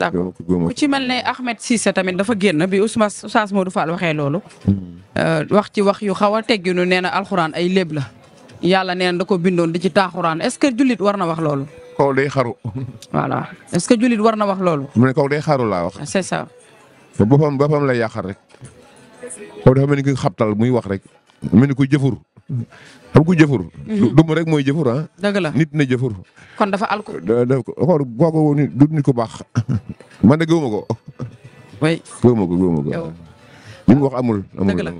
d'accord ku ci mel ne Ahmed Cissé tamit dafa génn bi Ousmane Oustaz Modou Fall waxee loolu. Hmm. Euh, wax ci wax yu xaw a tegginu nee na alxuraan ay léeb la. yàlla nee na da bindoon di ci taaxuraan est-ce que jullit war na wax loolu. kaw day est-ce que jullit war na wax loolu. mu ne kaw day xaru laa wax. c'est ça. boppam boppam lay yàqal rek. kaw dafa mel ni xabtal muy wax rek. mel ni kuy jëfur. xam ku jëfur. Mhm. dum rek mooy jëfur a ah. dëgg la nit na jëfur. kon dafa alku. da xool kooku du nit ku baax man de gëwuma ko. oui gëwuma ko gëwuma ko. li mu wax amul. dëgg la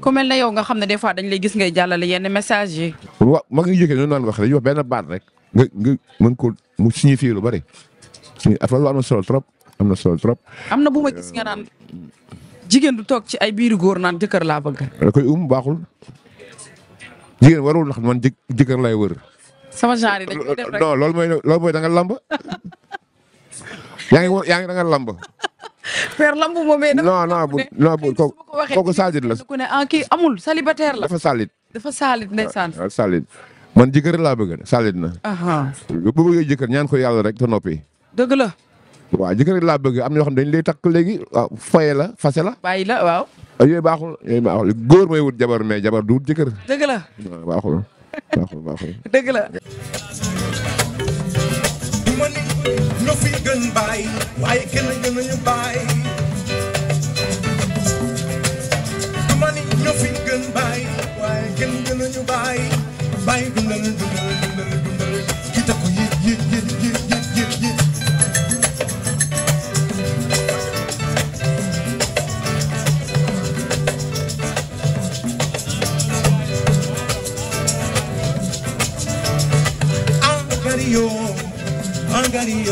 ku yow nga xam ne des fois dañ lay gis ngay jàllale yenn message yi. ma ngi jëkkee noonu naan wax dañuy wax benn baat rek. mën ko mu signifié lu bari. signifié affaire na solo trop am na solo trop. am na bu ma gis nga naan jigéen du toog ci ay biiru góor naan jëkkër laa ba da koy um baaxul. jigéen warul ndax man jëkkër lay wër. sama genre yi dañuy def rek non loolu mooy loolu lamb. yaa ngi yaa ngi lamb. père lamb moom mais. non non bu non bu kooku kooku salit la. ku ne ah kii amul célibataire la. dafa salit. dafa salit ndeysaan. waaw ah, salit bëgg salit na. bu bëggee jëkkër ñaan ko yàlla rek te noppi. waaw jëkkër laa bëgg am na yoo xam ne dañ lay takk léegi foye la fase la. bàyyi la waaw. yooyu baaxul yooyu baaxul góor mooy wut jabar mais jabar du wut jëkkër. dëgg la baaxul baaxul baaxul. dëgg la. gën baay waaye kenn gën ñu baay duma ni ñoo fi gën baay waaye kenn gën ñu baay baay dundal dundal dundal dundal Margarida.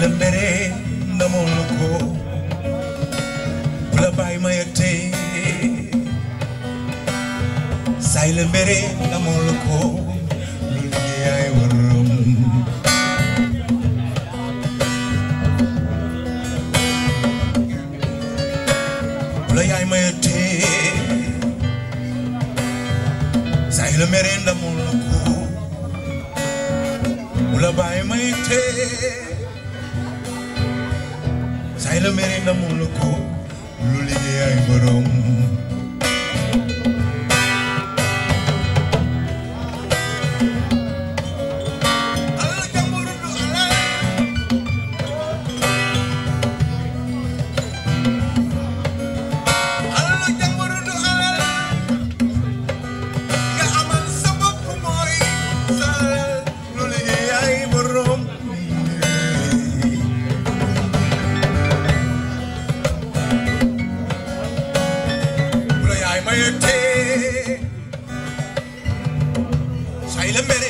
la meree namoon na ko bu la bàyyi ma yëg tey saay la meree namoon na ko lu yaay waram la yaay la meree namoon na ko bu la say la mere na mu lu ko lu liggéey ay borom le mere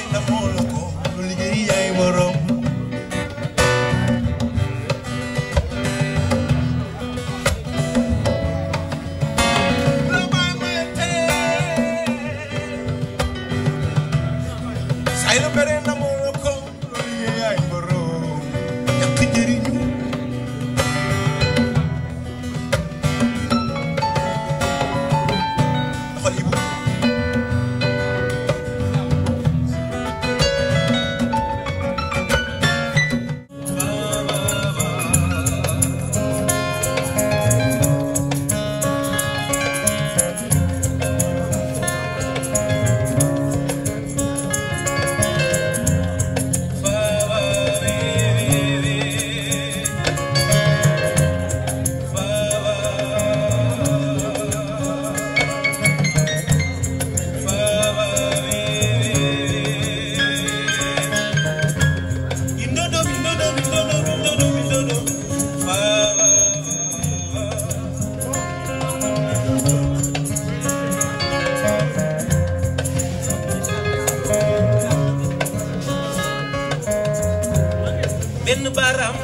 benn baaraam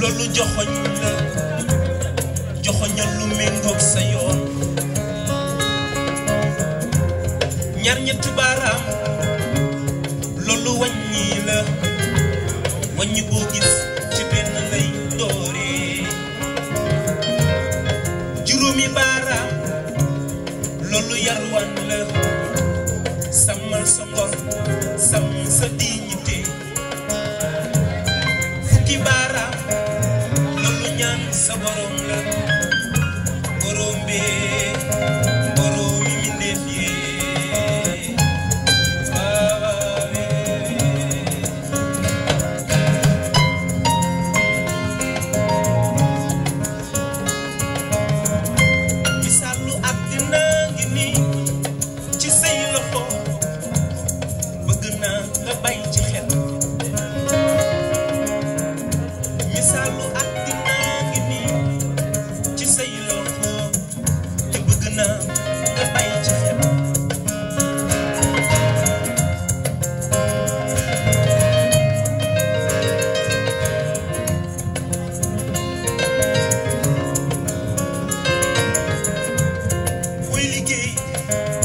loolu joxoñ la joxoñal lu méngoog sa yoon ñaar ñetti baaraam loolu wàññi la wàññi gis tomorrow. liggéey